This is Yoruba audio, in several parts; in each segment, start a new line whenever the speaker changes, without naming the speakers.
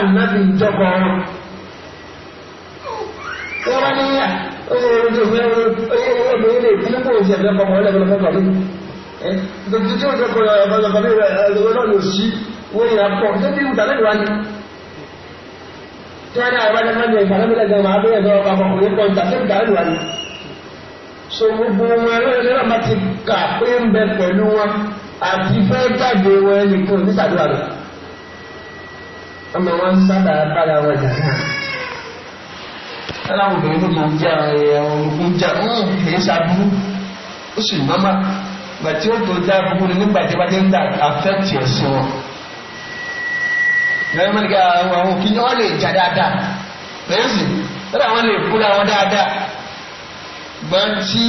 ànábì ìjọkọ̀ wọn wọ́n wọn ẹlẹ́rọ máa ti kà pé ń bẹ pẹ̀lú wọn àti fẹ́ jáde wọn ẹnìkan nísàdúrà rẹ̀ ọmọ wọn sábà bára wọn jà náà aláwọ̀ obìnrin tó máa ń já ẹ̀rọ ogun já ọ̀hún kìí ṣàbúrú ó sì nọ́mà gbà tí ó tó dá gbogbo ní nígbà tí wájú ń dà àfẹ́tì ẹ̀sìn wọn. lẹ́yìn mọ́ni ká àwọn àwọn òkè ni wọ́n lè jà dáadáa lẹ́yìn sì lọ́dọ̀ àwọn lè búra wọn dáadáa gbọ́n tí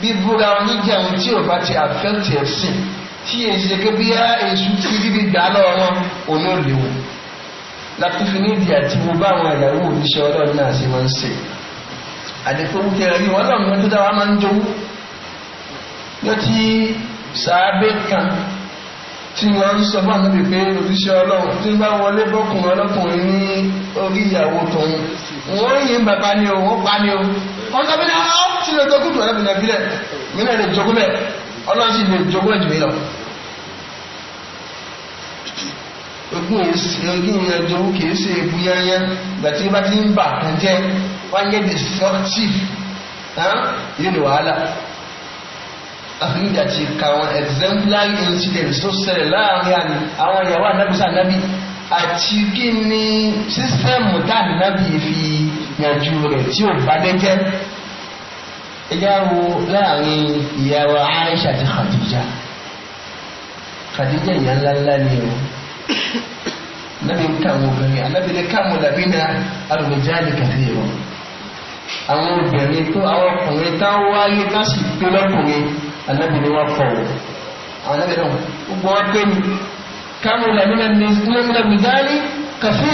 bíbúra wọn níjà tí èsì ṣe kébí á èsù fi bíbí gbà lọ́wọ́ òní ò léwu lápúfin nídìí àti wo báwọn ìyàwó òníṣẹ́ ọlọ́run náà ṣe máa ń ṣe àdìpọ́n tẹ rí wọn náà mọ́tò táwa máa ń jowú ló ti sàábé kan tí wọ́n ń sọ fún àtúntò pé òníṣẹ́ ọlọ́run tí bá wọlé bọ́kùnrin ọlọ́kùnrin ní orí ìyàwó tòun wọ́n yìí ń bàbá ni o wọ́n pa ni o wọ́n sọ fún mi ah, náà ọ́ sílẹ̀ tó kùtù ọ̀rẹ́bìnrin àbílẹ̀ mi náà lè jogún bẹ́ẹ̀ ọlọ́run sì lè jogún ẹ̀jù mi lọ. ogún ẹjọ́ kìí ṣe ebu yányá ìgbàtí bá ti ń bà kan jẹ́ wáyé destructive yìí ni wàhálà àfihàn àti kàwọn exemplary incidents tó ṣẹlẹ̀ láàrin àwọn ìyàwó anábìsà nábì àti kí ni sísẹ́mù tá nábì fi yànjú rẹ̀ tí ò bá dẹ́jẹ́ ẹjá wo láàrin ìyàwó Aisha àti Khadija Khadija ìyá ńláńlá ni o anabi ń ká àwọn obìnrin anabi ní ká àwọn dàbí na alùpùpù kàfé wọn àwọn obìnrin tó àwọn ọkùnrin tá a wáyé tá a sì pé lọkùnrin anabi ni wọn fọ wọn àwọn anabi náà gbogbo wọn pé ní ká àwọn dàbí na alùpùpù kàfé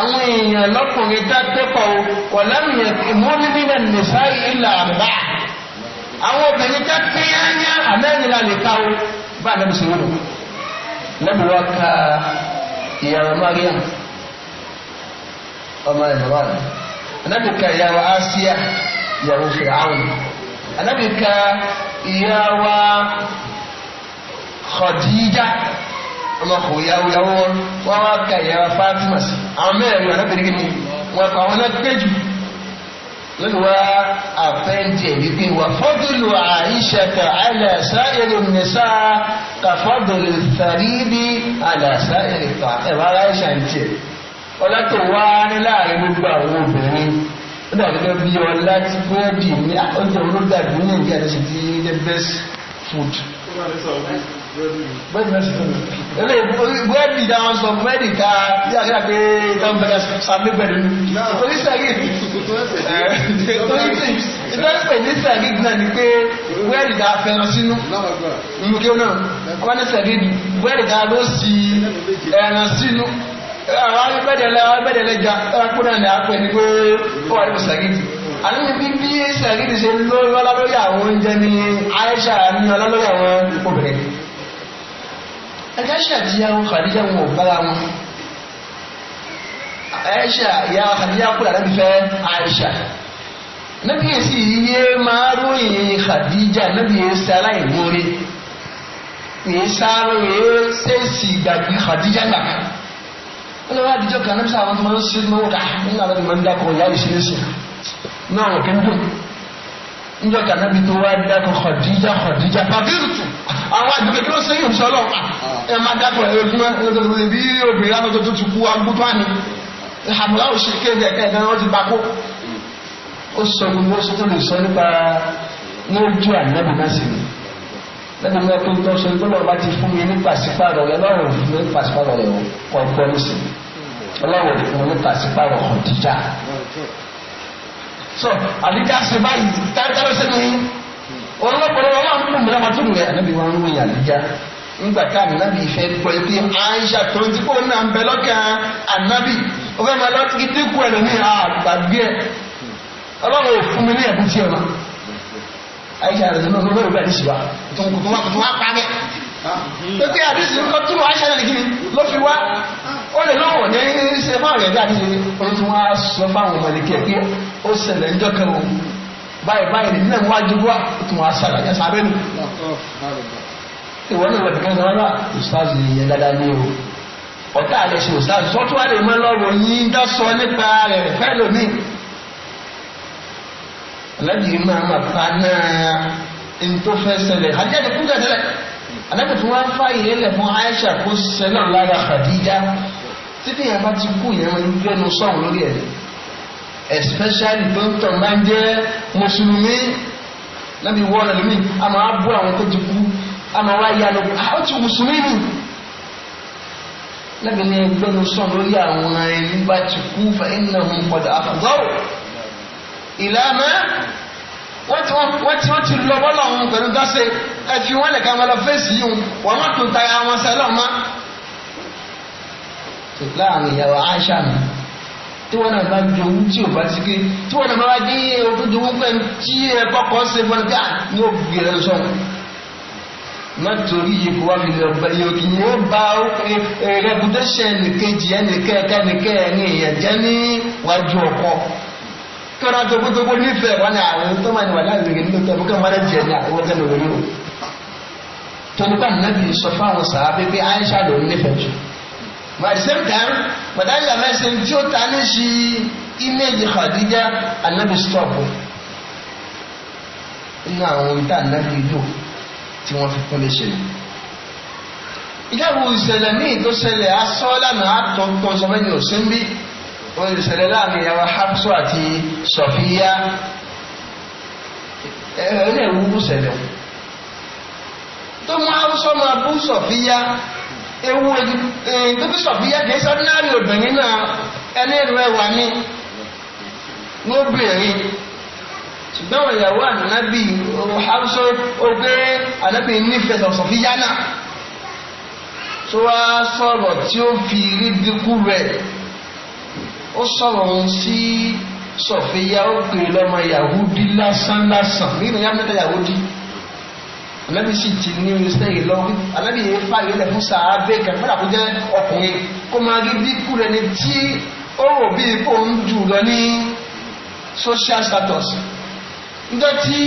àwọn èèyàn lọkùnrin tá a tẹ́pọ̀ o wà láwùjọ ìmọ̀lẹ́bí náà nìṣá ìlà àbá àwọn obìnrin tá a pé yányá àmẹ́rin la lè ká o bá a dàbí sèwọ́n lọ lẹ́bi wá ká ìyàwó Mariam ọmọ ìmọ̀ràn anabi ka ìyàwó Asiya ìyàwó Firaun anabi ka ìyàwó Khadija ọmọkù ìyàwó ìyàwó wọn wá ká ìyàwó Fatima àwọn mẹ́rin anabi ní wọn kọ àwọn náà gbẹ́jù lórí wa àfẹ́ǹtì wípé wà fọ́dúlù àìṣẹ́ ka àìlàṣà èrò nìṣà ka fọ́dúlù sàríbi àìlàṣà èrò ta ẹ̀rọ aláìṣà ń tiẹ̀. ọlá tó wá ní láàrin gbogbo àwọn obìnrin ó dàbí gẹ́gẹ́ bí ọlá tí búrẹ́dì ní ọjọ́ olódàbí ní ìdí àti ṣe best food ilé búrẹ́dì dáwọn sọ búrẹ́dì ká yíyá kí àgbé tán bẹ̀rẹ̀ sàmì pẹ̀lú torí sẹ́rí ìtọ́sípẹ̀ ní sẹ́rí náà ni pé búrẹ́dì dáa fẹ́ràn sínú nùkẹ́ náà wọ́n ní sẹ́rí búrẹ́dì dáa ló sí ẹran sínú àwọn abẹ́dẹ̀lẹ́ja ẹranko náà ni a pè ní pé ó wà nínú sẹ́rí àní bí bí sẹ́rí ti ṣe lórí ọlọ́lọ́yà àwọn oúnjẹ ní Aisha ní ọlọ́lọ́yà àwọn ìpòbìnrin Aisha àti ya wọn Khadija wọn ò bára wọn Aisha ya Khadija kúrò àdábì fẹ́ Aisha nabi yẹn sì yé máa ròyìn Khadija nabi yẹn sẹ aláìmoore yẹn sáré yẹn sẹ́sì gbàgbé Khadija gbà wọn lọ́wọ́ àdìjọ kan náà bí sáwọn tó máa ń ṣe é máa wọ̀ ká nínú máa ń dákọ̀ ìyá ìṣẹ́lẹ̀ náà wọn níjọ́ tí anábì tó wá dákọ̀ Khadija Khadija pàbíìtù àwọn àdúgbò kí ló ṣe yìí ṣọlọ ẹ máa dákọ̀ ẹ ojú ẹ bí obìnrin láti tó ti kú agbótó àná àmọ́ láwọn ṣe kéde ẹ̀ka ẹ̀ka wọn ti bá kó ó sọ gbogbo ó sọ tó lè sọ nípa ní ojú ànábì náà sì ni lẹ́nu mi ọkùnrin tó sọ ìgbọ́dọ̀ bá ti fún mi ní pàṣípàrọ̀ rẹ lọ́rùn fún mi ní pàṣípàrọ̀ rẹ kọ̀ọ̀kan ní sí ọlọ́wọ̀ fún mi ní pàṣípàrọ̀ Khadija so àdìjá ṣe báyìí táńtàrà ṣe ní ọlọ́pọ̀lọ́ wọn máa ń kú mìíràn tó rẹ̀ ànábì wọn ń ròyìn àdìjá nígbà ká ànábì ìfẹ́ pọ̀ pé àìṣà tó ti kó náà ń bẹ lọ́kàn ànábì ó fẹ́ máa lọ́tí kíkí kú ẹ̀rọ ní àgbàgbé ẹ̀ ọlọ́run ò fún mi ní ẹ̀bùn tí ọ̀nà àìṣà rẹ̀ ló ló lórí àdìsí wa tó ń kó wá pa
mẹ́ pé pé àdìsí ń kọ́ ó lè
lọ́wọ́ ní ṣe fáwọn ẹ̀dá ní orúkún wá sọ fáwọn ọmọdékẹ́ pé ó ṣẹlẹ̀ ńjọ́ kan o báyìí báyìí nínú ẹ̀wọ́n ajú wá tún wá sára ẹ̀sà abẹ́nu. ìwọ náà wọ̀dìkan náà rà ìsáàzì yẹn dáadáa ní o ọ̀tá àlẹ́ ṣe ìsáàzì sọ́tún wà lè mọ́ lọ́wọ́ yín dọ́sọ nípa rẹ̀ fẹ́ lómi. alájì máa ma pa náà n tó fẹ́ ṣẹlẹ̀ àjẹ́dẹ̀kú jẹ́ tẹ́lẹ̀ alájì fún wa fáyìí fún Aisha kó ṣẹlẹ̀ lára Khadija títí yẹn bá ti kú yẹn ń gbẹnu sọ̀rọ̀ lórí ẹ̀ especially tó ń tọ̀ máa ń jẹ́ mùsùlùmí lẹ́bi wọ́ọ̀lù ẹ̀lómi a máa bú àwọn tó ti kú a máa wá yá lọ ah, ó ti mùsùlùmí nì lẹ́bi ní gbẹnu sọ̀rọ̀ lórí àwọn ẹni bá ti kú fa iná hun padà àfọ̀gọ́rò ìlànà wọ́n ti wọ́n ti lọ bọ́lọ̀ ọ̀hún pẹ̀lú dáṣe ẹ̀fí wọn lẹ̀ka wọn lọ fèsì yìí wọn má tún ta àwọn sẹ́lọ̀ máa láàrin ìyàwó Aisha mi tí wọn náà bá ju ohun tí ò bá ti gé tí wọn náà bá wá dé ojú tó wọn pẹ̀lú tí ẹ kọ́kọ́ ṣe fún ẹgbẹ́ ní òbí rẹ sọ. nítorí yìí kó wá fi lọ bẹ yòókì ni ó bá reputation nìkejì ẹnìkẹ́ ẹnìkẹ́ ẹni èèyàn jẹ́ níwájú ọkọ. kọ́ra tó kó tó kó nífẹ̀ẹ́ wọn ni àwọn tó máa ní wà láàrin ìrìn lóòótọ́ fún kẹ́hìn mọ́lẹ́ jẹ́ ní àwọn tẹ́lẹ̀ òwúrò. tónípa nàbì sọ fáwọn sàábé pé Aisha ló nífẹ̀ẹ́ jù. But at the same time, but Madam Yamẹ ṣe tí ó ta ní ṣe image Khadija anabi stop nínú àwọn ohun tá anabi lò tí wọ́n fi kún lè ṣe. Ìjábọ̀ ìṣẹ̀lẹ̀ míì tó ṣẹlẹ̀ aṣọ́ lánàá àtọ̀tọ̀ sọ́mẹ́ni ò sí ń bí. Wọ́n ìṣẹ̀lẹ̀ láàrin ìyàwó Hapsu àti Sọ̀fíyá ẹ̀rẹ́ ìwúrú ṣẹlẹ̀ tó mú Hapsu ọmọ abúṣọ̀fíyá ewu bíbí sọ̀fíyà kìí sọ náírà obìnrin náà ẹni rẹwà ni lóbìnrin ṣùgbọ́n àwọn ìyàwó ànábì ọ̀hásọ́ ogbé ànábì nífẹ̀ẹ́ sọ̀fíyà náà tó wá sọ̀rọ̀ tí ó fi rí dínkù rẹ̀ ó sọ̀rọ̀ òun sí sọ̀fíyà ó pè lọ́mọ Yahudi lásán lásán nínú yá mẹ́ta Yahudi anabi sì ti ní oníṣẹ́ yìí lọ anabi yìí fa ìyẹlẹ̀ fún sàá bẹ́ẹ̀ kẹ́ fúnra kó jẹ́ ọkùnrin kó máa rí bí kú rẹ̀ ní tí ó rò bí ipò ń jù lọ ní social status níjọ́ tí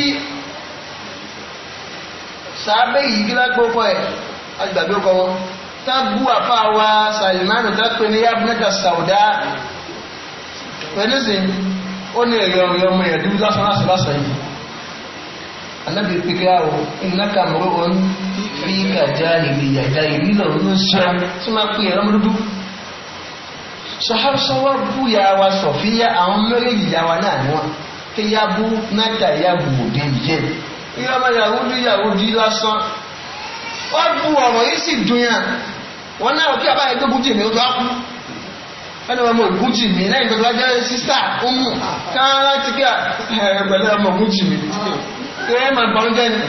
sàá bẹ́ẹ̀ yìí gíga gbókọ̀ ẹ̀ agbàgbé kọ́ wọn tá bú àfa wa Salimani tá pé ní yabnata sauda pẹ̀lú sìn ó ní ẹ̀yọ̀ ọ̀yọ̀ ọmọ ẹ̀dúgbò lásán lásán lásán yìí anábì pípẹ́ àwọ̀ ìnáka mọ̀rọ̀ wọn fi kàjá ìlìyà ìdá ìlílọ̀ ló ń ṣe tí máa pè ẹ̀rọ mọ́dúdú sọ́hásọ́wọ́ bú ya wa sọ̀fíyà àwọn méjèèjì ya wa náà ni wọn kí ya bú náta ya gbòdè yẹ ìyá ọmọ yahudi yahudi lásán wọ́n bú ọ̀rọ̀ yìí sì dunyàn wọn náà kí abáyé tó gújì mi ó tó á kú ẹni wọn mọ gújì mi lẹ́yìn tó tó wá jẹ́ sísá ó mú káwọn láti kí ẹ pẹ̀lú ọmọ gújì mi ṣe é máa gbọ́n jẹ́ ni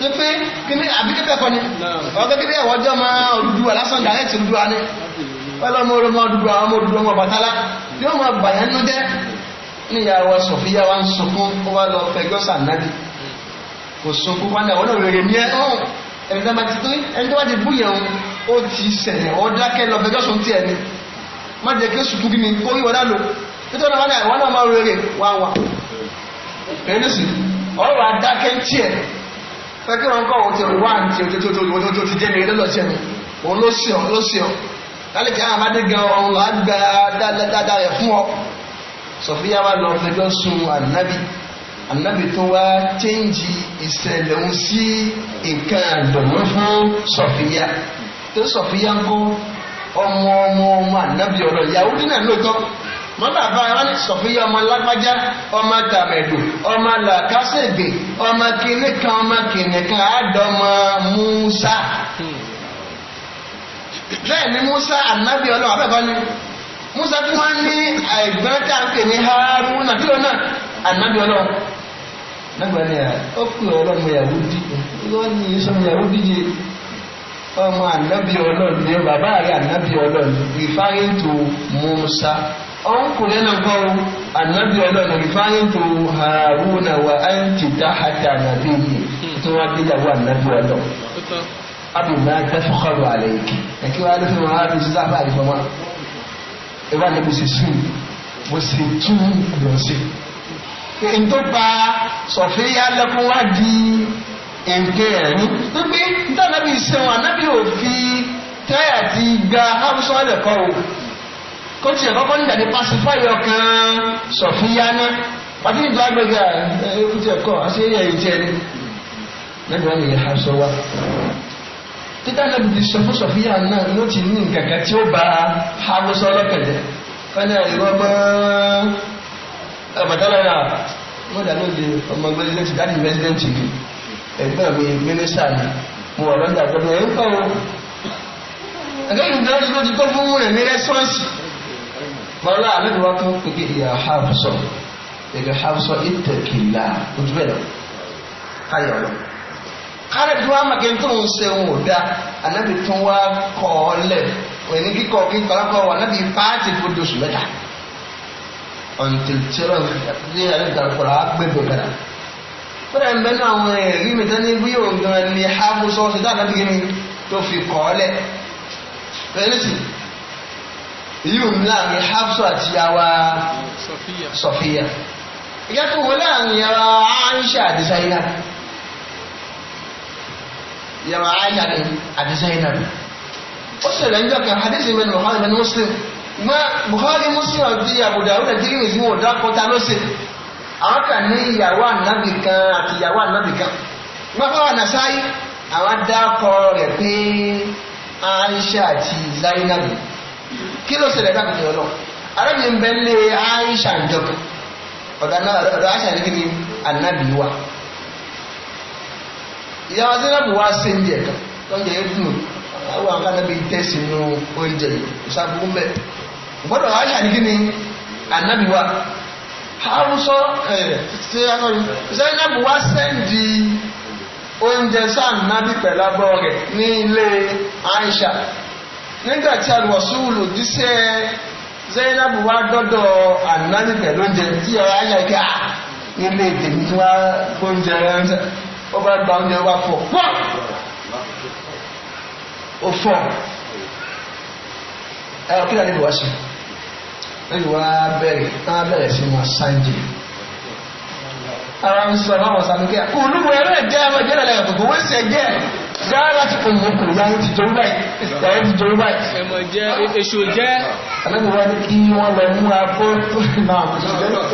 ṣe pé kíní àbí kẹ́kẹ́ kọ́ ni ọ̀gá kíní ẹ̀wọ́ jọ máa Odùduwà lásán dàrẹ́tì Odùduwà ni pẹ́lú ọmọ orí ọmọ Odùduwà ọmọ Odùduwà ọmọ Ọbàtálá yóò máa bàyá nú jẹ́ níyàwó Sọ̀fíyà wa ń sunkún ó wá lọ fẹjọ́ sànádì kò sunkún wá náà wọ́n náà rèrè ní ẹ́ ẹni tó bá ti pín ẹni tó bá ti bú yẹn ó ti ṣẹlẹ̀ ó dákẹ́ lọ fẹjọ́ sùn tiẹ̀ ni má jẹ́ kí sùkú kí ni ó yí wọ́n dá lò nítorí wọn náà wọ́n náà máa rèrè wá wà ẹni sì ọ̀rọ̀ adákẹ́ tí ẹ̀ fẹ́ kí wọ́n kọ́ òun ti wá ní ti ojoojúmọ́ ti jẹ́ mi lọ́lọ́ sí ẹni òun ló sí ọ ló sí ọ lálẹ́kẹ́ àwọn abádé gan ọ̀run là á gba dáadáa rẹ̀ fún ọ sọfíà wa lọ fẹjọ́ sun ànábì ànábì tó wá chẹ́ǹjì ìṣẹ̀lẹ̀ òun sí nǹkan àdùnnú fún sọfíà tó sọfíà ń kọ́ ọmọ ọmọ ọmọ ànábì ọ̀rọ̀ ìyàwó dínà lóòótọ́ mọ́tà bá wọn sọ̀fíyà ọmọ lágbájá ọmọ tàmẹ̀dù ọmọ làkásègbè ọmọ kìnìkan ọmọ kìnìkan àádọ́mọ Musa bẹ́ẹ̀ ni Musa ànábì ọlọ́wọ́ ni Musa tí wọ́n ní ẹ̀gbọ́n tí a ń pè ní náà ànábì ni ọlọ́mọ sọmọ ọmọ ànábì ọlọ́run ni bàbá rẹ̀ ànábì ọlọ́run referring to Musa ọkùnrin náà kọ́ ànábì ọlọ́run referring to Haruna wa anti tahata nàbí yìí tí wọ́n gbé yàwó ànábì ọlọ́run abùnà tẹ́fọ́kọ̀rọ̀ àlẹ́ yìí ẹ̀kí wàá lè fi wọn á lè sábà àlè fọmọ́ ìwà ni mo sì sùn mo sì tú lọ sí. ntọ́pa sọ̀fíà lẹ́kùn wá di èké rẹ̀ ní wípé ìtànàbí ìṣẹ́wọ̀n ànábì ò fi tẹ́ àti gba hamsun ẹ̀kọ́ o kó tiẹ̀ kọ́kọ́ nígbà ní pacify ọkàn sọ̀fíyá ná pàtí ìgbà gbẹ̀gà ẹ̀kútì ẹ̀kọ́ àti ẹ̀yẹ ìjẹ́ ni lẹ́gbẹ̀ẹ́ mi ha sọ wa títà náà ti sọ fún sọ̀fíyá náà ló ti ní nǹkan kan tí ó ba hamsun ọlọ́kẹ̀jẹ̀ fẹ́lẹ́ ìwọ mọ́ ọ̀bàtàlọ́yà mọ́dà lóde ọmọ president dáàdì president yìí ẹ̀gbọ́n mi mínísà ni mo wà lọ́dà gbọ́dọ̀ ẹ̀ ń kọ́ o ẹ̀gbọ́n mi ló ti kọ́ fún rẹ̀ ní rẹ́sọ́ọ̀sì bọ́lá àmì wa tún pèké ìyá hafsọ ìyá hafsọ ìtẹ̀kìlá ojú bẹ́ẹ̀ lọ káyọ̀ lọ kára tí wàá màkì tó ń ṣe ń wò dá anábì tó wá kọ́ ọ lẹ̀ òní kíkọ́ kí kọ́lákọ́ wà nábì pààtì fún oṣù mẹ́ta ọ̀ntìlítìrọ̀ fúnra ń bẹ́nu àwọn ẹ̀rí mi tán ní bí yóò gan ni hábù sọ́ọ̀sì dáadáa bí kíni tó fi kọ́ ọ́ lẹ̀ fẹ́rẹ́sì èyí ò ní láàrin hábù àti yàwá sọ̀fíyà ìyá tó wọlé àrùn yàrá Aisha àti Zainab yàrá Aisha àti Zainab ó sì rẹ̀ ń jọ kan hadisi mẹ́nu Bukhari mẹ́nu Muslim mọ́ Bukhari Muslim àti Abu Dawud àti Tirmidhi wọn ò lọ́sẹ̀ àwọn kan ní ìyàwó ànábì kan àti ìyàwó ànábì kan gbọ́dọ̀ wà nàṣáyé àwọn dákọ̀ rẹ̀ pé Aisha àti Zainab kí ló ṣẹlẹ̀ dábìlì ọlọ́ arábìnrin bẹ́ẹ̀ lé Aisha ìjọba ọ̀dọ̀ Aisha ní ànábì ìyàwó kan yẹn dùn àwọn tẹ̀sí nínú oúnjẹ yìí gbọ́dọ̀ Aisha ní ànábì wa? haruso ṣe eh, zainabu wa sendi oúnjẹ sáànàbí pẹ̀lú abọ́ rẹ̀ ní ilé Aisha nígbà tí alùwàsúwùlù díṣẹ́ Zainabu wa dọdọ ànábì pẹ̀lú oúnjẹ tí ọ̀rọ̀ ayé ẹ̀ka ah, ilé ìdèmí tí wá oúnjẹ ó bá gba oúnjẹ wá fọ̀ ó kí ni a lè lẹ́yìn wá bẹ̀rẹ̀ tá a bẹ̀rẹ̀ sí wọn sáńjì ara ń sọ láwọn sàmì kí olúwo ẹ̀rọ ẹ̀jẹ̀ ẹ̀rọ ẹ̀jẹ̀ lẹ́yìn gbogbo wọ́n sì ẹ̀jẹ̀ dára láti fún ìwé kùn láyé ti torí báyìí láyé ti torí báyìí. ẹ̀mọ̀ jẹ́ èṣù jẹ́. alẹ́ wa ni kí wọ́n lọ mú abọ́ tó náà.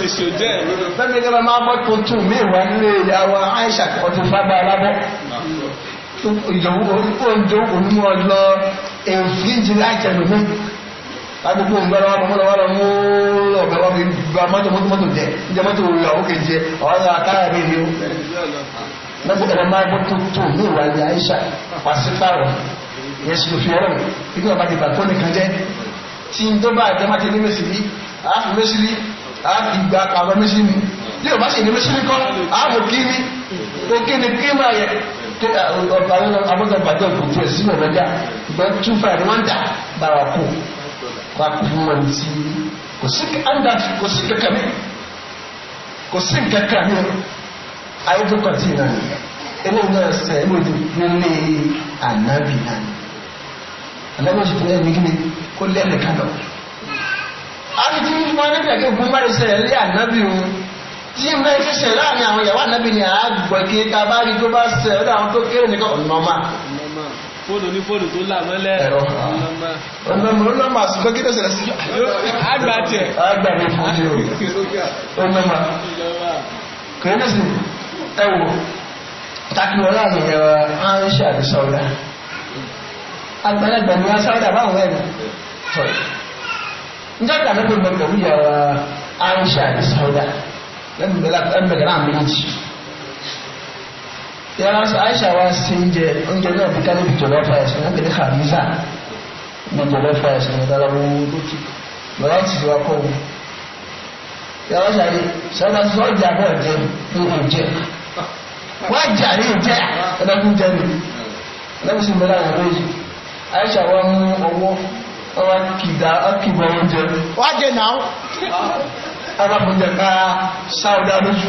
èṣù jẹ́. lẹ́nu ìjọba máa bọ́ tuntun mí wà nílé ìyá Aisha ọtún fábà alábọ́. ìjọba onímọ̀ lọ èèfì jìnnà àjẹmí adigun gbara wọn mọ́nà wọn mú ọ̀gá wọn bá mọ́tò mọ́tò mọ́tò jẹ jẹ mọ́tò ìyàwó kejì jẹ ọ̀hán náà káyà mi ni ó lọ́gbọ̀n ẹ̀rọ máa gbọ́ tó tó ní ìwà ilẹ̀ Aisha pàṣípààrọ̀ yẹn sì fi ọ̀rọ̀ ìgbà bá ti bàtọ́ nìkan jẹ́ tí ń tó bá ẹ̀jẹ̀ má ti ní mẹ́sìlí àáfi mẹ́sìlí àáfi gba àwọn mẹ́sìlí mi tí o bá sì ní mẹ́sìlí kọ́ àáfi kí ni o kí ni kí máa yẹ kí àwọn abọ́dọ̀ bàjẹ́ òkú tó ẹ̀ sínú ọ̀rẹ́jà wọn ti kò sí anda kò sí kankan mi kò sí kankan mi ayé tó kọtí náà ni ẹni náà sẹ ẹni òdi nílé ànábì náà ni ànábì òsì fún ẹni gíní kó lẹ́nu kan lọ. ṣẹlẹ̀ àwọn ìyàwó ànábì ni àá gbọ̀ kí tá a bá rí tó bá ṣẹ àwọn tó kéré nìkan ọ̀nà ọ̀ma fóònù ní fóònù tó là mọ́lẹ̀ ẹ̀rọ ọ̀nàmọ̀ ọ̀nàmọ̀ àsìkò kí ló ṣẹlẹ̀ sí àgbà tiẹ̀ àgbà mi fún mi o ọ̀nàmọ̀ kìrìnìsì ẹ̀wọ̀ takìlọ̀ láàrin ẹ̀rọ ánṣẹ́ àti sọ́ọ̀dà àgbàlagbà ni wọ́n sọ́ọ̀dà báwọn ẹ̀rọ tọ́lẹ̀ njẹ́ta ní gbogbo ìgbà wíyà ánṣẹ́ àti sọ́ọ̀dà lẹ́nu bẹ̀rẹ̀ àmì méjì yàrá aisha wa ṣe oúnjẹ oúnjẹ náà bí kálíbi jọlọ fàyà sí wọn kẹlẹ kàmíza ní jọlọ fàyà sí wọn dára wọn lókè lọ́wọ́ ti fi wá kọ́ wọn. yàrá sáré sọ́dọ̀ sọ́jà bọ̀ jẹ ní òjẹ wọ́n jà ní ìjẹ́ ẹ̀dọ́kùn jẹ mi lẹ́yìn sí mẹ́lá àwọn méjì aisha wa mú ọwọ́ ọwọ́ kìdá ọkìbọ̀ oúnjẹ. wọ́n jẹ náà. arákùnrin jẹ ká sáwọ́dá lójú.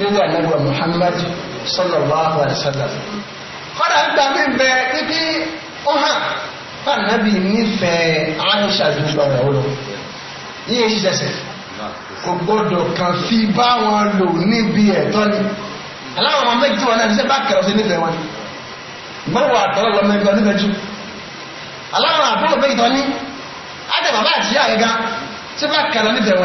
lórí ànágbà Muhammad sallallahu alaihi wasallam kọ́dà ń gbà mí bẹ títí ó hàn fànàbí nífẹ̀ẹ́ Aisha ju ọ̀rẹ́ ó lọ yíyẹ ṣiṣẹ́sẹ̀ kò gbọ́dọ̀ kan fi bá wọn lò níbi ẹ̀tọ́ ni aláwọn ọmọ méjì wọn náà ṣe bá kẹrọ sí nífẹ̀ẹ́ wọn mọ́wàá àtọ́lọ́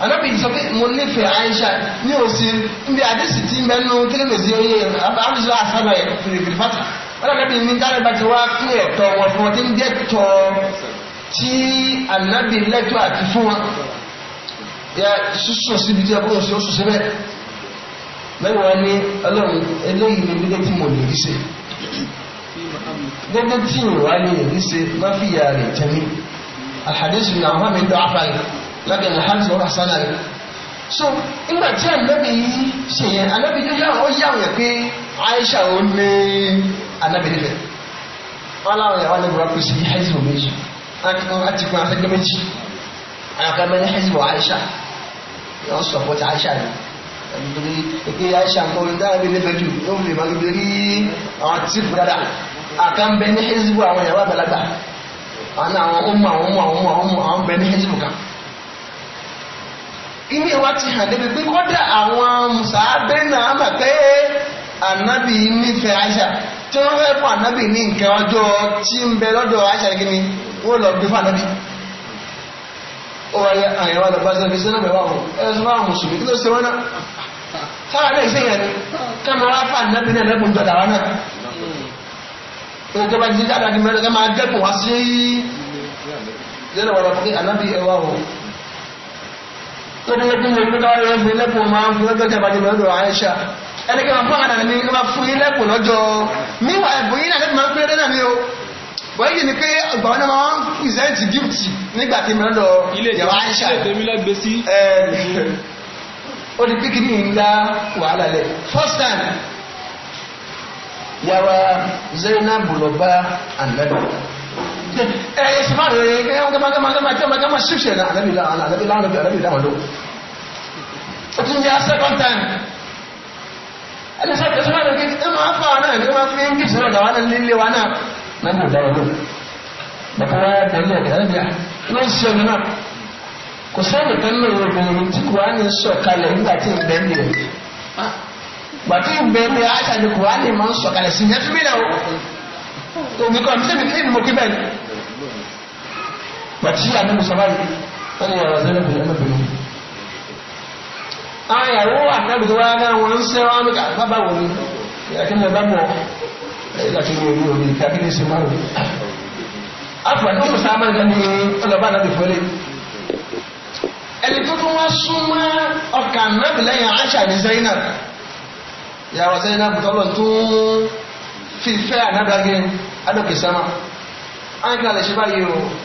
anabi sọ pé mo nífẹ̀ẹ́ Aisha ní òsì níbi àdéhùn tí mẹ́nu tẹ́lẹ̀mẹ̀sì oyè abdul asana yẹ fèrèfèrè fata wọn anabi ní dáná bá ti wá kí ẹ̀tọ́ wọn fún wọn tí ń jẹ́ tọ́ tí anabi lẹ́tọ́ àti fún wọn yà sísun síbi tí ẹkún òsì oṣù síbẹ̀ lẹ́yìn wọn ní ọlọ́run eléyìí ní gbẹ́gbẹ́ tí mo lè rí ṣe gbẹ́gbẹ́ tí ìwà lè rí ṣe má fìyà rẹ̀ jẹ́ mi alhadisi ní àwọn mi dọ́ àfàyè lábẹ́ alhamdu lọ́rọ̀ hasana rẹ̀ so nígbà tí ànábì ṣe yẹn ànábì yóò yà ó yà wọ́n pé Aisha ó lé ànábì níbẹ̀ wọn láwọn yà wọn lè bọ̀rọ̀ kó sí hezbo méjì wọn ti kún afẹ́gbẹ́ méjì àyàká mẹ́rin hezbo Aisha yọ sọ̀pọ̀tì Aisha rẹ̀ ẹgbẹ́ ẹgbẹ́ Aisha nǹkan orin dára bí níbẹ̀ jù yóò fi máa gbé rí àwọn tí brada àkànbẹ ní hezbo àwọn yàrá àgbàlagbà àwọn àwọn ọmọ àwọn ọmọ àwọn ọmọ àwọn bẹ ní hezbo kan ilé wa ti hàn débi pé kọ́dà àwọn mùsàábẹ́ náà mà pé ànábì nífẹ̀ẹ́ àṣà tí wọ́n fẹ́ fún ànábì ní nǹkan ọjọ́ tí ń bẹ lọ́dọ̀ àṣà kí ni wọ́n lọ gbé fún ànábì ó wáyé àyàn wa lọ bá sẹ́ni sẹ́ni bẹ̀rẹ̀ wà fún ẹ̀sùn wa mùsùlùmí kí ló ṣe wọ́n náà sára náà ìṣe yẹn kámẹ́rà fún ànábì náà lẹ́kùn jọ̀dà wa náà ìjọba jíjá àdàdì mẹ́rin ká máa dẹ́kun wá sí yẹ́nà
tó ní ẹbí mi pé
káwọn ẹgbẹ́ lẹ́kùn máa ń fún lọ́jọ́ ìjọba jẹ́ lọ́dọ̀ Aisha ẹni kí wọn fún àdàní ní ọba fún yín lẹ́kùn lọ́jọ́ níwà ẹ̀bùn yín náà máa ń péré náà ni o wọ́n yìí ni pé ọgbà wọn máa ń pìsẹ́ǹtì gift nígbà tí mi lọ́dọ̀ ìjọba Aisha ilé tèmi lẹ́gbẹ́ sí. ó di píkìnì ńlá wàhálà lẹ first time yàrá Zainab lọ bá ànábì eh shi ma da ya gama gama gama gama gama shifshe da alabi la alabi la alabi alabi la wando tun ya second time
ala sa da sama da ke ta ma fa na ne ma
fi yanki sura da wannan lillewa na nan da dawo da kuma ya dalle da alabi nan shi na kò sẹ́ni kan náà obìnrin tí kùránì sọ̀kalẹ̀ nígbà tí ń bẹ́ẹ̀ lè gbà tí ń bẹ́ẹ̀ lè àṣà ni kùránì máa ń sọ̀kalẹ̀ sí ní ẹtú mi náà o
òbí kan tí mi kí ni mo kí
bẹ́ẹ̀ ni bàtí àmì sọ́bàlì wọ́n ni yàrá sẹ́lẹ̀ bẹ̀rẹ̀ mẹ́bẹ̀rẹ̀ àwọn ìyàwó ànábì tó wá náà wọ́n ń sẹ́ wọ́n mẹ́ta bábà wọ́n ni ìyàkí ni ẹ̀bá mọ̀ ìyàkí ni èmi òní ìkàkí ni sèmá òní àfọ̀dé ọmọ sáà máa ń gbani ọlọ́ba ànábì fọ́lé ẹni tó tún wá ọkà ànábì lẹ́yìn àṣà ní Zainab ìyàwó Zainab tọ́lọ̀ tó fífẹ́ ànábì agẹ́ adókè sáma á ń kí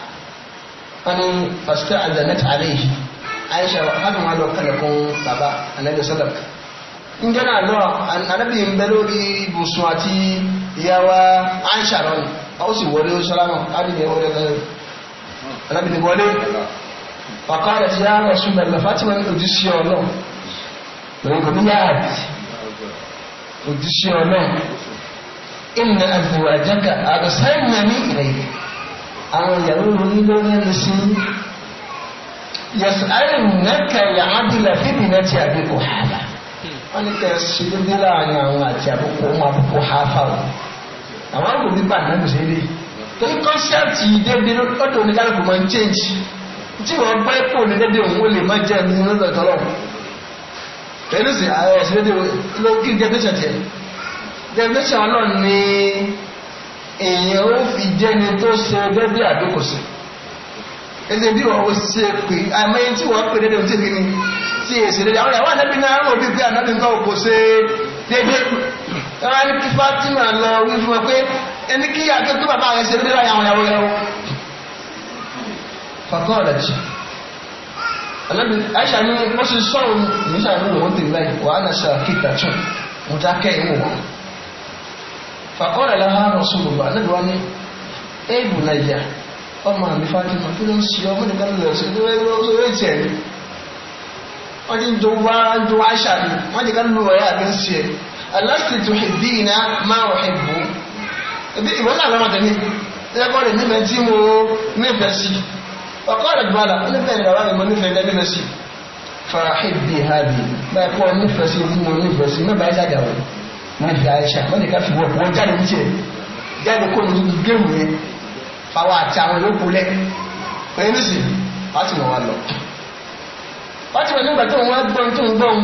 wọ́n ní pásítọ̀ àdánẹ́tì àlẹ́yìí aisha hàdùn wà lọ́kànlẹ̀kùn bàbá anabi sọ́dọ̀k njẹ́ náà lọ́wọ́ anabi ń bẹ lórí ibùsùn àti ìyàwó aisha lọ́nà ó sì wọlé sọ́lámù ábìnrin wọlé lọ́wọ́ anabi ni wọlé wàkàrẹ̀ sí yàrá ọ̀sùn bẹ̀rẹ̀ fatima ní ojúṣe ọ̀nà lórí kò ní yàrá ojúṣe ọ̀nà ìnà àbúwájáka àgbẹ̀sáyìn nàní àwọn ìyàwó ní lórí ẹni sí yẹsù àìrìnàkà yàmádìlà fíbi náà ti àbíkò hàlà wọn ní kẹrẹ sí dédé láàrin àwọn àti àbúkò ọmọ àbúkò hàfà o àwọn àgbò nípa náà ṣe rí torí kọ́nsẹ́ẹ̀tì dédé ọ̀dọ̀ oníkálùkù máa ń change tí wọ́n gbọ́ ẹ̀kọ́ ní dédé òun ó lè má jẹ́ ẹni lọ́dọ̀ tọ́lọ̀ pẹ̀lú sí ààrẹ ẹ̀sìn lókì èèyàn ó fi jẹ́ni tó ṣe gẹ́gẹ́ àdókò sí ẹsẹ̀ bí wọ́n ó ṣe pé àmọ́ ẹni tí wọ́n pè dédé ohun tí èmi ni tí èsì dédé àwọn ìyàwó ànábì náà rò bí pé ànábì nǹkan kò ṣe dédé ẹran ní Fatima lọ wí fún pé ẹni kí tó bàbá rẹ ṣe dédé láyé àwọn ìyàwó yẹn ni wọ́n ṣe sọ̀rọ̀ fàkọ́rẹ̀ láhà Rasulullah lẹ́dùn wọn ní éèbù nàìjà ọmọ àmì Fatima kí ló ń ṣe ọmọ nìkan ló lọ sí ló wẹ́ ló wẹ́ tiẹ̀ ni wọ́n ti ń do wá ń do àṣà ni wọ́n ti ká ló wẹ́ àbí ń ṣe alasti tuhibbina ma uhibbu ebi ìwọ náà lọ́wọ́ tẹ̀lé ẹ̀kọ́ rẹ̀ nífẹ̀ẹ́ tí mo wọ́n di aisha wọ́n di ká fi wọ́pọ̀ wọ́n jáde níṣẹ́ jáde kó ní géèmù yẹn fáwọn àti àwọn yòókù lẹ pẹ̀lú sí Fatima wà lọ. Fatima nígbà tó wọ́n gbọ́n tó ń gbọ́n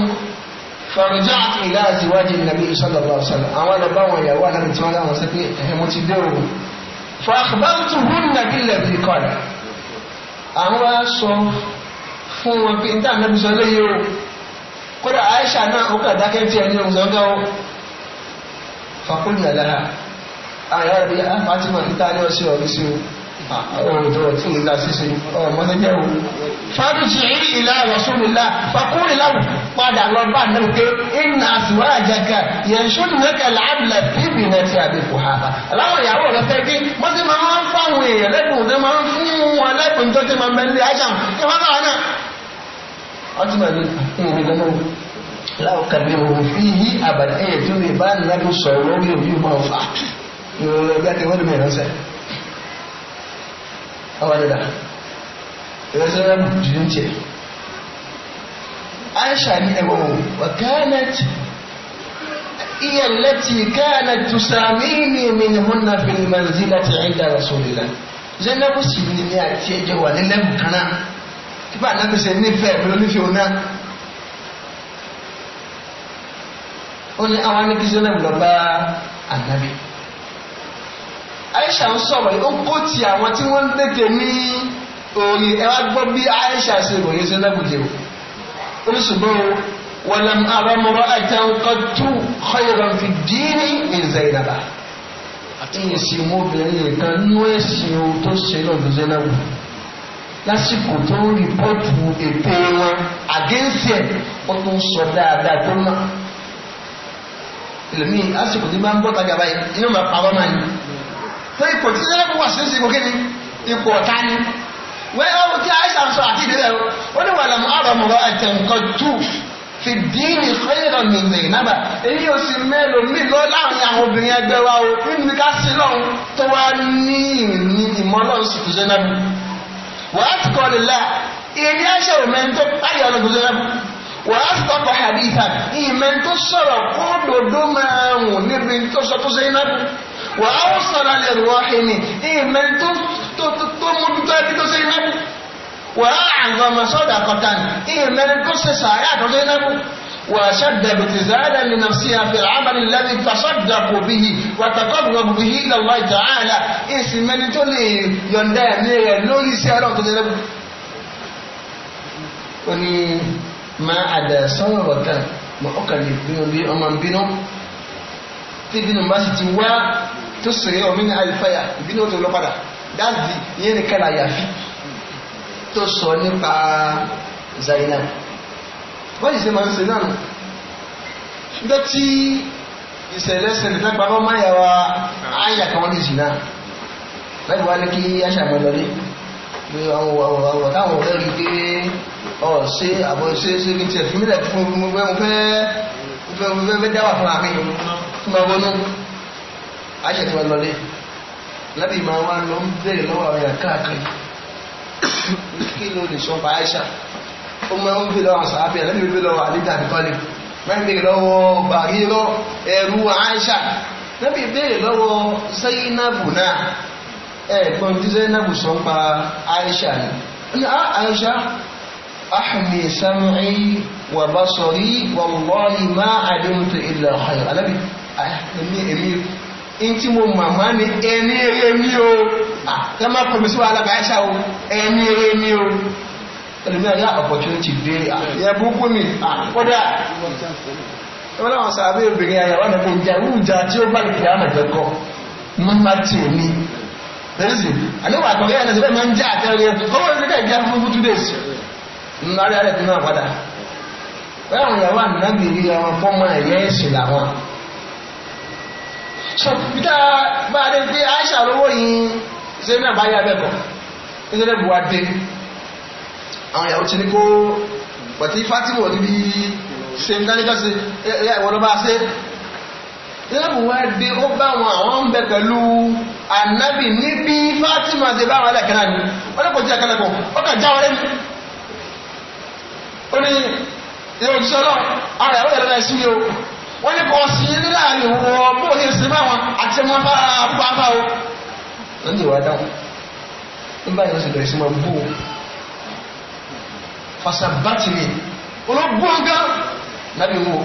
fàrùjá àti ìlà àtiwájú nàbí sallallahu alaihi wasallam àwọn ọ̀dọ́ báwọn ìyàwó àdàbí tí wọ́n láwọn sọ pé ẹ̀hẹ́ mo ti dé o. fàkbáǹtù hún nàbí lẹ́bí kọ́lá nàbí sọ fàkúnnà lára àyà rẹ̀ bí fátímà ń tà ní ọ̀sẹ̀ ọ̀rí sí ọ̀rọ̀ tí mo lásì sí ọmọdé jẹ́ o fàájì ìrì ìlà rọ̀súnmùlá fàkúrì láwù padà lọ bá náà pé iná àtìwá àjẹkà yẹnṣún nẹ́kẹ̀ láàbìlẹ̀ bíbì náà ti àbí kò ha bá aláwọ̀ ìyàwó rẹ̀ fẹ́ kí wọ́n ti máa ń fáwọn èèyàn lẹ́kùn tó máa ń fún wọn lẹ́kùn tó ti máa ń bẹ́ẹ̀ lé àjàm ìwọ́n náà náà láwọn kàbí òfin yí àbàdà ẹ̀yẹ tí ó lè bá nàbí sọ̀rọ̀ lórí òbí máa fà ìrọ̀lẹ́ ọgbà tí wọ́n lè mẹ́rin ọ̀sẹ̀. àwọn àdàdà ìrẹsẹ̀ rẹ̀ jù ní tiẹ̀. Aisha ní ẹ̀wọ̀n wà kánẹ́tì هي التي كانت تساميني منهن في المنزلة عند رسول الله Zainabu sì ni ní àti ẹjẹ wà ní lẹ́bù kan náà kí bá ànábì ṣe nífẹ̀ẹ́ ó ní àwọn anigizó náà lọ bá ànábì Aisha ń sọ̀rọ̀ ó kó ti àwọn tí wọ́n ń tètè ní òòyì ẹ wá gbọ́ bí Aisha ṣe ròyìn Zainabu jẹ́ o ó ní ṣùgbọ́n wa lam ara imra'atan qattu khayran fi dini min Zainaba àti ìsìn ọmọbìnrin nìkan nú ẹ̀sìn o tó ṣe náà ló Zainabu lásìkò tó ń rìpọ́tù ètò wọn àgẹ́sì ẹ̀ ó tún sọ dáadáa tó náà ẹlòmíì àsìkò tí bá ń bọ́ tajà báyìí inú ma pa lọ́nà ni tó ipò tí sẹ́lẹ̀ kó wà sí ìsìnkú kí ni ipò ọ̀tá ni wẹ́n ọ́ tí àìsàn sọ àti ìdílé rẹ̀ ó ní wàhálà mọ́ àrọ̀ mọ́rọ̀ àtẹ̀ǹkọ́ tù fi díìnì xeyìrọ̀ nìyẹn náà èyí ò sì mẹ́lò mí lọ láàrin àwọn obìnrin ẹgbẹ́ wa o nínú ká sí lọ́hùn tó wá ní ìní ìmọ̀lọ́run sì tó sẹ́nàbù wàá ti kọ́ ọ wọ́n á sọ̀kọ̀ haditha ìmẹ̀ tó sọ̀rọ̀ kó dòdó máa wù níbi tó sọ tó sẹ́yìn náà wọ́n á sọ̀rọ̀ alẹ́ rọ̀ ẹ̀mí ìmẹ̀ tó mójútó ẹbí tó sẹ́yìn náà wọ́n á àgbọ̀mọ̀ sọ̀dọ̀ àkọ́tà ìmẹ̀ tó sẹ́ sàárà tó sẹ́yìn náà وأشد ابتزالا لنفسها في العمل الذي تصدق به وتقرب به إلى الله تعالى اسم من تولي يندى ميرا لولي سيارة تدرب وني Ma àdà sọ́rọ̀ kan mọ ọkàn lè bínú bí ọmọ bínú tí bínú bá sì ti wá tó sèré ọmọ ní àlùfáyà ìbínú tó lọ padà dáàbì ìyẹn nìkan àyàfi tó sọ nípa Zainab wọ́n yìí ṣe máa ń ṣe náà nígbà tí ìṣẹ̀lẹ̀ ṣẹlẹ̀ lágbàá ọmọ yàrá ayà kan wọ́n lè jì náà láti wá ní kí aṣàmọ̀lọ́lé pé ọ̀rọ̀ táwọn ọ̀rẹ́ rí pé ọ̀ ṣe àbọ̀ ṣe ṣe kí n tiẹ̀ fún mi lẹ̀ fún mi fẹ́ mo fẹ́ mo fẹ́ dáwà fún àmì tí mo wọnú àṣẹ tí mo lọlé lábì máa wá lọ ń bèrè lọ́wọ́ àwọn èèyàn káàkiri kí ló lè sọ bá àṣà ó máa ń bèrè lọ́wọ́ àṣà àbí àlẹ́ mi bèrè lọ́wọ́ àlejò àbíkọ́lé máa ń bèrè lọ́wọ́ bàrí lọ ẹ̀rú àṣà lábì bèrè lọ́wọ́ Zainabu náà ẹ̀gbọ́n tí zainabu sọ ń pa aisha ni ya ah, aisha ahmi sam'i wa basari wallahi ma alimtu illa khayr alábi ah, èmi èmi in tí mo màmá ni ẹni eré mi o ah, ẹ má pẹ̀lú sí wàhálà aisha o ẹni eré mi o ẹlòmíà yá opportunity dé yẹ búkú mi kódà wọ́n láwọn sàbẹ̀ obìnrin àyàwó àdàkùn ìjà ìwújà tí ó bá lè fi àwọn tí ò ní tẹ́lẹ̀sì àníwà àkọ̀wé ẹ̀nà sí bẹ́ẹ̀ máa ń jẹ́ àtẹ́rẹ́ ọwọ́ ìrìn náà jẹ́ fún two days nnárí àrẹ tí náà padà bẹ́ẹ̀ àwọn ìyàwó ànábì rí àwọn fọ́mọ ẹ̀yẹ ẹ̀sìn làwọn so peter bá a dé pé aisha lówó yìí ṣe náà bá yá bẹ́ẹ̀ kọ́ nítorí buwa dé àwọn ìyàwó ti ní kó pẹ̀tí fatima ò ti bí ṣe ń dáníjọ́ sí ẹ̀yà ìwọ́n ló bá ṣe nítorí buwa dé ó bá wọn àwọn ń bẹ pẹ̀lú ànábì níbi fátímà ṣe báwọn alẹ́ kẹ́nà ní ọlọ́pọ̀ tí ẹ̀kẹ́lẹ̀ pọ̀ ọkà jáwọ́ lẹ́nu ó ní ilé òjíṣẹ́ náà ara ẹ̀rọ ìlànà ẹ̀sìn yìí o wọ́n ní kọ́ sí ní láàrin wọ́n bó ṣe ṣe bá wọn àti ẹ̀mọ́ bá bá bá o ló ní ìwà dáhùn nígbà yẹn sì bẹ̀rẹ̀ sí máa bú o fasa bátìrì olóògbó nǹkan lábẹ́ wo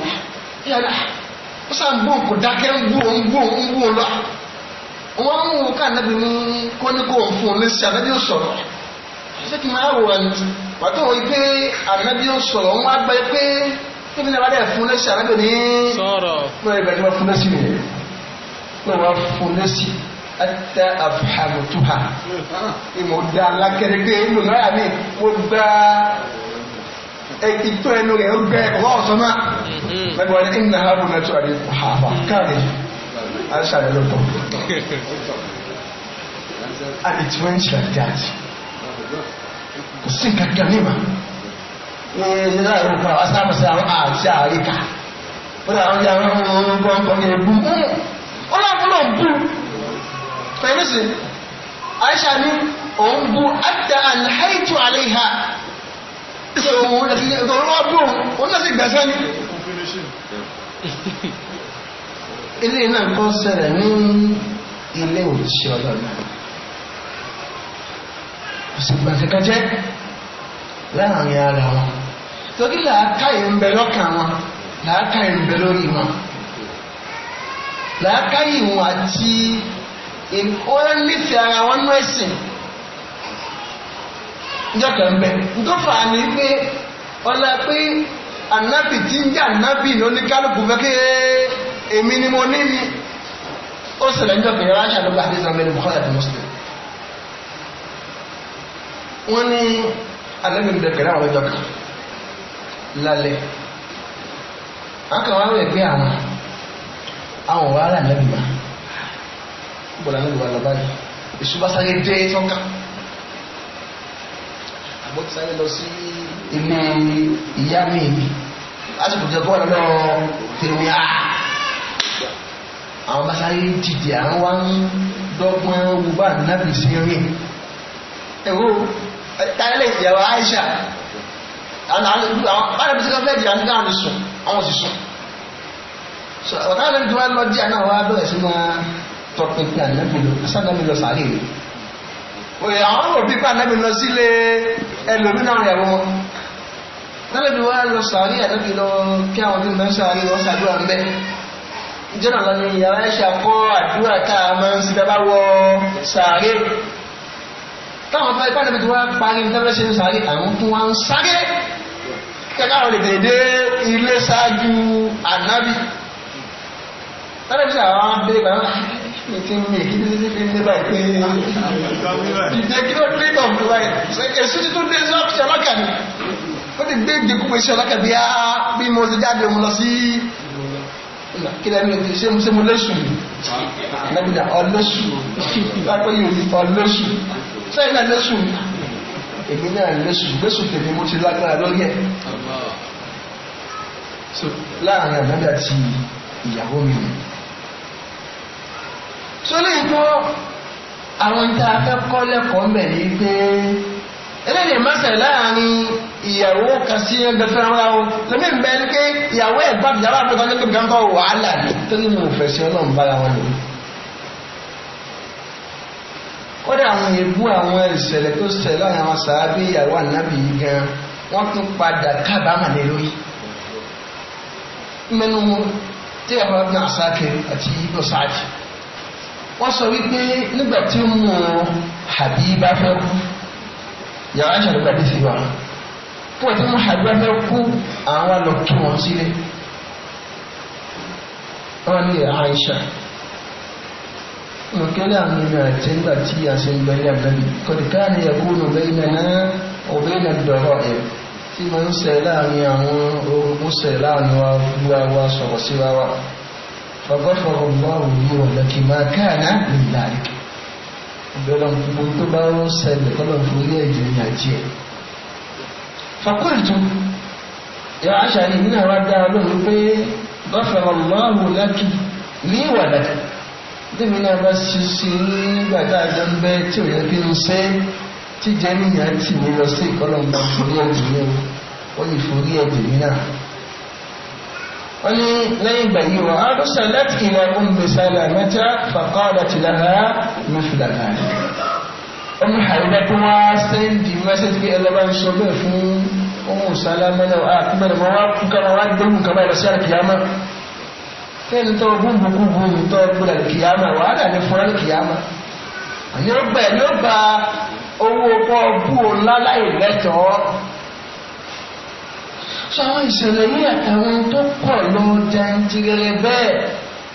yàrá ó sàn gbó kò dákẹ́ ń gbó ń gbó ń gbó lọ wọ́n mú un ká ànábì ní kóníkó fún un lẹ́sí ànábì ò sọ̀rọ̀ ṣé kí n máa wò ẹni wàtò wọ́n pé ànábì ò sọ̀rọ̀ wọ́n á gbá pé kí ni abadé fún lẹ́sí ànábì ní. sọ̀rọ̀ wọ́n yẹ bẹ̀rẹ̀ fún lẹ́sí rẹ̀ wọ́n wá fún lẹ́sí ata afahamutuha ìmọ̀ da alákẹ́rẹ́gbẹ́ ìlúmọ̀ yà mí mo gba ìtọ́ ẹnu rẹ̀ ó gbẹ ọ̀rọ̀ ọ̀sán náà lẹ́gbọ̀n mm-hmm. ní ìnáhàbù mẹ́tọ́ àdé hàfà káàdì. I shall love
and it went like that. Kò sí
kankan ní ma. Ní nílá ìlú kan, a sábà sí àwọn àti àríkà. Ó dà àwọn ìyá àwọn ọmọ ọmọ yẹn bú. Ó lọ fún náà bú. Pẹ̀lú sí, Aisha ní òun bú àtẹ àlàyétu àléhà. Ṣé òun ò ń lọ
ilé náà kọ́ ṣẹlẹ̀ ní
ilé òṣìṣẹ́ ọlọ́nà òṣìgbàsíkájẹ́ láàrin ara wọn torí làákàyè ń bẹ lọ́kàn wọn làákàyè ń bẹ lórí wọn làákàyè wọn àti wọ́n nífẹ̀ẹ́ ara wọn nú ẹ̀sìn njọ́kẹ́ ń bẹ ntọ́fà ni pé ọlá pé ànábì tí ń jẹ́ ànábì ní oníkálukú fẹ́ kéé èmi ni mo ní mi ó ṣẹlẹ̀ níjọ́ kìnìún aláṣà ló gba àdéhùn amẹ́nu bukhari àti muslim wọ́n ní alẹ́mi bẹ̀rẹ̀ pẹ̀lú àwọn ìjọba lálẹ́ akọ̀wé rẹ̀ pé àwọn àwọn ọ̀rọ̀ ara nàbì mà bọ̀dà níbi wà lọ́ba yìí èṣù bá sáré dé sọ́kà àbọ̀ ti sáré lọ sí ilé ìyá mi lásìkò ìjọba wà lọ́wọ́ tèmi àá àwọn bá sáré dìde àwọn wá ń dọ́gbọ́n wo bá nàbì sí rìn ẹ̀wọ́ táyẹ̀lẹ̀ ìyàwó Aisha àwọn bára bí sọ́kọ́ fẹ́ẹ̀ di àwọn gáà ní sùn àwọn sì sùn ọ̀tá lẹ́nu tí wọ́n lọ díẹ̀ náà wá bẹ̀rẹ̀ sí máa tọpinpin ànábì lọ sànábì lọ sàárè rẹ̀ òye àwọn òbí pa ànábì lọ sílé ẹlòmínà rẹ̀ wọn ànábì wọ́n lọ sàárè ànábì lọ kí àwọn tí wọ́n sàárè wọ́n sàdúrà jọ́nà lọ ni ìyàwó ẹ̀ṣà kọ́ àdúrà tá a máa ń sí dábà wọ sàárè táwọn fẹ́ ìpàdé tí wọ́n parí ní tẹ́lẹ̀ṣẹ́ ní sàárè àwọn tó wọ́n ń sáré kẹ́kẹ́ àwọn lè dèdè ilé ṣáájú ànábì tẹ́lẹ̀ṣẹ́ àwọn abẹ́ ìgbà náà ti ń mi kí ní ti fi ń dé báyìí pé ìdè kí ló dé tọ̀ ní báyìí èso ti tún dé sí ọ́fíìsì ọlọ́kà ni ó ti gbé ìdè kúkú iṣẹ́ ọlọ́kà bí i mo ti jáde mo lọ sí kí lẹ́nu ètò ṣé mo ṣe mo lóṣù mi lẹ́gbẹ̀dà ọlọ́ṣù lápẹ́ yìí òní ọlọ́ṣù sẹ́yìn náà lóṣù mi èmi náà lóṣù lóṣù tèmi mo ti lágbára lórí ẹ̀ so láàrin ànábì àti ìyàwó mi ni so lè gbọ́ àwọn tá a fẹ́ kọ́ lẹ́kọ̀ọ́ mẹ́rin pé eléyìí mẹsẹ̀ láàrin ìyàwó kan sí ẹgbẹ́ fẹ́ràn wọn o lèmi ń bẹ ẹni pé ìyàwó ẹ̀ bá ìyàwó àpẹtọ́ ní kébìkan tó wàhálà nítorí mi ò fẹ́ sí ọlọ́run bára wọn lò. kódà àwọn èébú àwọn ìṣẹ̀lẹ̀ tó ṣẹlẹ̀ láàrin àwọn sàábé ìyàwó ànábì yìí gan wọ́n tún padà kábàámà lé lórí. mẹ́nu tí a bá ní àti ibò wọ́n sọ wípé nígbà tí ó mú fẹ́ kú yàrá ìṣẹ̀lú pẹ̀lú fi wà fún ẹ̀tí wọ́n ṣàdúrà fẹ́ kú àwọn lọ kí wọ́n sílé wọ́n ní Àìṣà nùkẹ́lẹ̀ àwọn ènìyàn àti nígbà tí a ṣe ń gbẹ ní àgbẹ̀bí kọ̀dìkà ni ẹ̀kú nù bẹ́ẹ̀ iná náà òbẹ́ iná dọ̀rọ̀ ẹ̀ tí mo ń sẹ̀ láàrin àwọn orúkú sẹ̀ láàrin wa gbúra wa sọ̀rọ̀ sí wa wa fọgọ́fọ̀rọ̀ gbọ́ òwúrọ̀ lọ́kì máa káà náà nìlàríkì bẹ̀rẹ̀ gbogbo tó bá ń ṣẹlẹ̀ kọ́lọ̀ forí ẹ̀jẹ̀ ní àjẹ́ fakultu ya aṣa ni nínú àwọn adára lóhun pé ghafara Allahu laki ní ìwà dàkà tèmi náà bá ṣiṣẹ́ nígbà tá a jọ ń bẹ tí ò yẹ kí n ṣe tí jẹ́ níyà tì mí lọ sí ìkọlọ̀ ń bá ẹ̀jẹ̀ ní ẹ̀ wọ́n yìí forí ẹ̀jẹ̀ ní náà wọ́n ní lẹ́yìn ìgbà yìí wọ́n arsalat ila Ummi Salamata faqalat laha mithla dhalika Ummu Habiba tó wá sẹ́ndì mẹ́sẹ̀tì bí ẹlẹ́bàá ń sọ bẹ́ẹ̀ fún Ummu Salama náà àkúbẹ̀rẹ̀ mọ́ wá kú kama wá gbẹ́mú kama ẹ̀rọ sí àkìyàmá kẹ́ni tó bú bukú bú tó gbọ́dọ̀ àkìyàmá wàhálà ní fúnra àkìyàmá yóò gbà owó kọ́ bú ọ láláì lẹ́tọ̀ọ́ sọ àwọn ìṣẹ̀lẹ̀ yìí àtàwọn tó pọ̀ lọ jantirẹrẹ bẹ́ẹ̀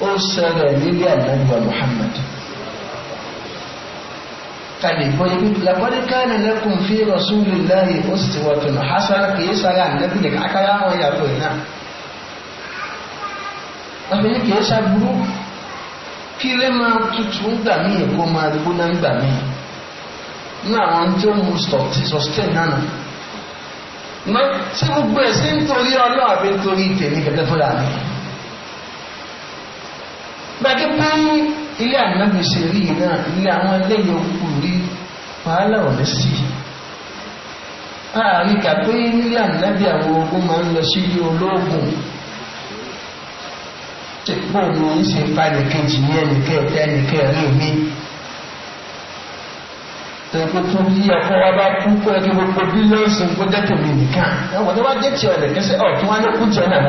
ó ṣẹlẹ̀ nílé àdágbà Muhammad kàlẹ̀ ìgbọ́yé làbọ́dé káàní lẹ́kùn fi rasulillahi uswatun hasana kìí sára ànábì nìkan akára àwọn ìyàwó ẹ̀ náà ya ní kìí ṣàbúrú kí lè máa tutù ń gbà mí èkó máa gbóná ń gbà mí àwọn tí ó mú mọ ṣé gbogbo ẹ̀ ṣe ń torí ọlọ́run àbí ń torí tèmi kẹ̀kẹ́ fúnra mi. gbàgbé pé ilé ànábì ṣe rí yìí náà ilé àwọn ẹlẹ́yìn òkú rí wàhálà ò ní sí i. àárín kàgbé nílé ànábì àwọn ogun máa ń lọ sí ilé olóògùn bóun ni wọ́n ń ṣe fa nìkejì ní ẹnìkẹ́ ẹ̀ta ẹnìkẹ́ rí mi tẹ̀kọ́ tó bí ọkọ̀ wa bá kú kó ẹgbẹ́ gbogbo bílíọ̀nsì kó jẹ́ tèmi nìkan ẹwọ̀n tó bá jẹ́ tiẹ̀ lè kí sẹ́ ọ̀ tí wọ́n á ní kú tiẹ̀ náà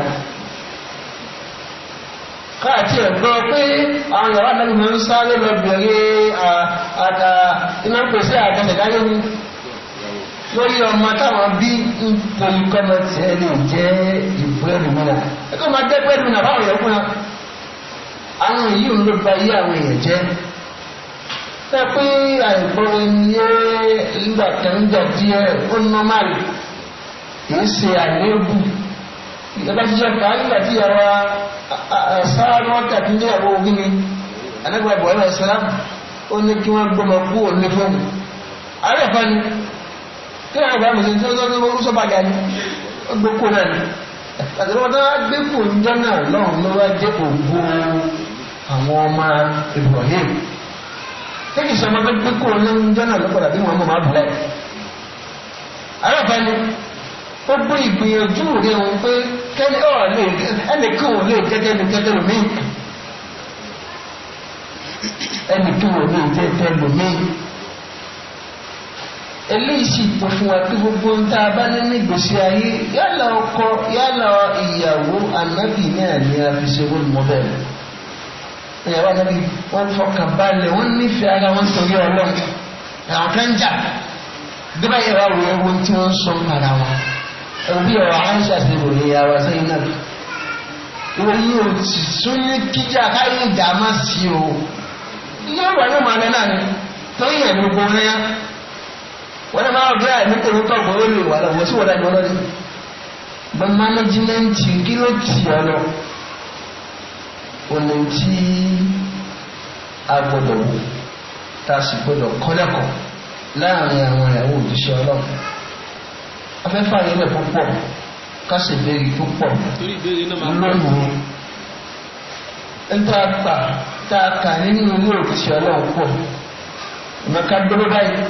káàtì ẹ̀gbọ́ pé àwọn yàrá náà máa ń sáré lọ bẹ̀rẹ̀ àdá iná pèsè àtẹ̀sẹ̀dáyé ni lórí ọmọ táwọn bí ń torí kọ́mọ tiẹ̀ lè jẹ́ ìbúrẹ́lù mìíràn ẹ̀kọ́ máa jẹ́ pẹ́ẹ́lú mìíràn báwọn yẹn kúnra àwọn yìí sẹ pé àìgbọ́n ẹniyé nígbà kẹ́ńdà díẹ̀ kìí ṣe àléébù ìjọba ṣiṣẹ́ ká nígbà tí yàrá sáárọ̀ tàbí ní ẹ̀rọ ogun anágbà bọ̀ọ́lá islam ó ní kí wọ́n gbọ́mọ kú òní fún mi. ẹ̀fọ́ ni kí tó ń ni ó gbé náà ni gbé ṣé kìí ṣe ọmọ tó gbé kúrò lẹ́yìn jọ́nà lọ́pọ̀dà bí wọ́n mọ̀ máa bùlẹ̀. arábẹ́ni ó gbé ìgbìyànjú rẹ̀ wọn pé kẹ́lẹ́ ọ̀ lè ẹnì kí òun lè jẹ́jẹ́ ní jẹ́jẹ́ lómi ẹnì kí òun lè jẹ́jẹ́ lómi eléyìí sì tó fún wa pé gbogbo ń tá a bá ní nígbèsí ayé yálà ọkọ yálà ìyàwó ànábì náà ni a fi ṣe wọ́n mọ́ bẹ́ẹ̀ ẹ̀yà wá gẹ́gẹ́ wọ́n fọkàn balẹ̀ wọ́n nífẹ̀ẹ́ ara wọn torí ọlọ́run àwọn kan jà bí báyìí wà wọ ewu tí wọ́n sọ para wọn òbí ọ̀rọ̀ àìsà ti rò ní ara sẹ́yìn náà ìròyìn òtì tún ní kíjà káyé ìjà má sí o yóò wà yóò máa lọ náà ni torí ẹ̀ ní gbogbo rẹ̀ wọ́n náà máa gbé àìní kò ní tọ́ gbọ́ ó lè wà lọ́wọ́ sí wọ́n dá ní ọlọ́rin bọ́n mánájímẹ́ǹtì kí ló tì ọ lọ ọ̀nà tí a gbọ́dọ̀ wò tá a sì gbọ́dọ̀ kọ́lẹ́kọ̀ọ́ láàrin àwọn ìyàwó òjíṣẹ́ ọlọ́run afẹ́fà yìí lẹ̀ púpọ̀ kásì ìbéèrè púpọ̀ lónìí níta pa tá a kà nínú ilé òjíṣẹ́ ọlọ́run pọ̀ ìmọ̀ká dúró báyìí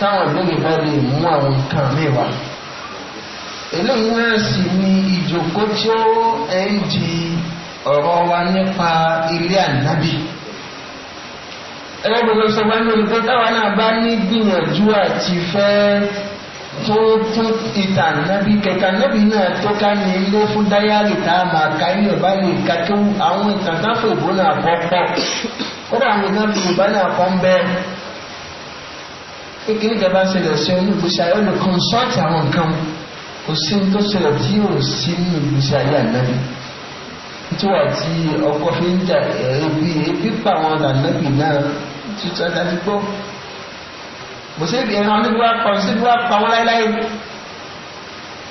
táwọn ìbéèrè bá lè mú àwọn nǹkan mi wá eléyìí náà sì ni ìjòkó tí ó ẹ̀ ń di ọ̀rọ̀ wa nípa ilé ànábì ẹgbẹ́gbẹ́ sọ pé lórí pé táwa náà bá ní gbìyànjú àti fẹ́ tó tó ìtàn nábì kẹta nábì náà tó ká ní ilé fún dáyàlì tá a máa ka ilé ọba lè ka kí àwọn ìtàn táfò ìbò náà kọ́ pọ̀ kódà àwọn ìtàn Yorùbá náà kọ́ ń bẹ́ẹ̀ kékeré ìjọba ṣẹlẹ̀ sí olùgbèsè ayé olùkọ́nsọ́ọ̀tì àwọn nǹkan kò sí ní tó ṣẹlẹ̀ tí yóò sí ní olùgbèsè ayé ànábì tíwọ̀ tí ọkọ fi ń jà ẹ̀ẹ́bí ẹ̀ẹ́bí pa àwọn lànàbì náà tuntun adájú gbọ́ kò sébi ẹran níbi wá pa síbi wá pa wọn láéláé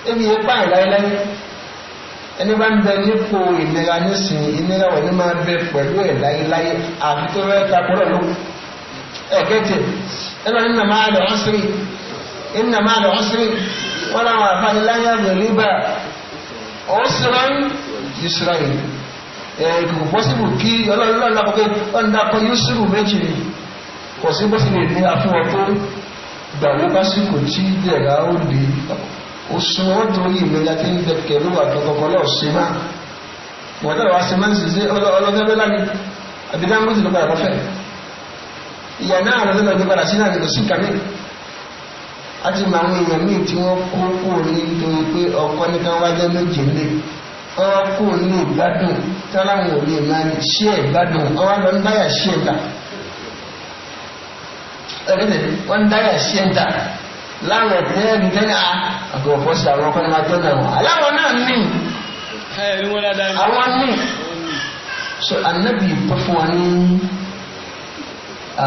ebi yẹn pààyàn láéláé ẹni bá ń bẹ nípò ìlera nísìnyí ìlera wọn ni máa bẹ pẹ̀lú ẹ̀ láéláé àfi tó fẹ́ takò rẹ̀ ló ẹ̀kẹ́tẹ̀ ẹ lọ nínú máa lọ ọ́sírì nínú máa lọ ọ́sírì wọn làwọn àfààní láyé àgbẹ̀ rí bá ọ̀sùn rẹ̀ Israel kò pọ́sibù kí ọlọ́run náà kọ́kọ́ ọ̀nàkọ́ Yusufu méjì ni kò sí pọ́sibù ní àfihàn tó gbàwó pásíkò tí ìdẹ̀ra ó lè ó súnmọ́ ó torí ìmẹ́lá tí ń dẹ̀kẹ̀ ló wà tọkọkọ lọ́ọ̀ sí máa wọ́n tẹ́lẹ̀ wá sí máa ń sì sí ọlọ́fẹ́ bẹ́lá ni àbídá ń gbèsè ló padà kọfẹ́ ìyá náà lọ́dọ́ lọ́dọ́ padà sí náà lọ́sí kàmí àti màá ń èèyàn míì tí wọ́n kó kúrò nítorí pé ọkọ nìkan wájẹ́ méje lé ọwọ́ kò nù gbádùn táláwọn ò lè máa ní ṣí ẹ̀ gbádùn ọwọ́ lọ ń dáyà ṣí ẹ̀ dà ẹ̀rẹ́dẹ̀ wọ́n ń dáyà ṣí ẹ̀ dà láwọn ẹ̀tẹ́ ẹ̀rí tẹ́lẹ̀ sí àwọn ọkọ̀ ní so anabi bọ́ fún wa ní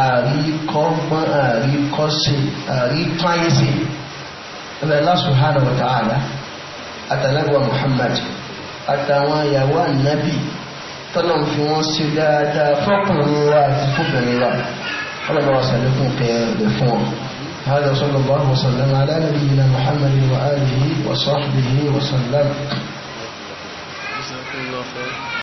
àríkọ́gbọ́n àríkọ́sí àríkọ́yẹ́sí ẹ̀rẹ́ Allah subhanahu wa ta'ala àtàlẹ́gbọ̀ Muhammad àtàwọn ìyàwó ànábì tọ́nà fi wọ́n ṣe dáadáa fọ́kùnrin wa àti fúnbìnrin wa ọlọ́run wa sàlékún kẹ́ ẹ̀ fún wọn. هذا صلى الله وسلم على نبينا
محمد وآله وصحبه وسلم. جزاكم الله خير.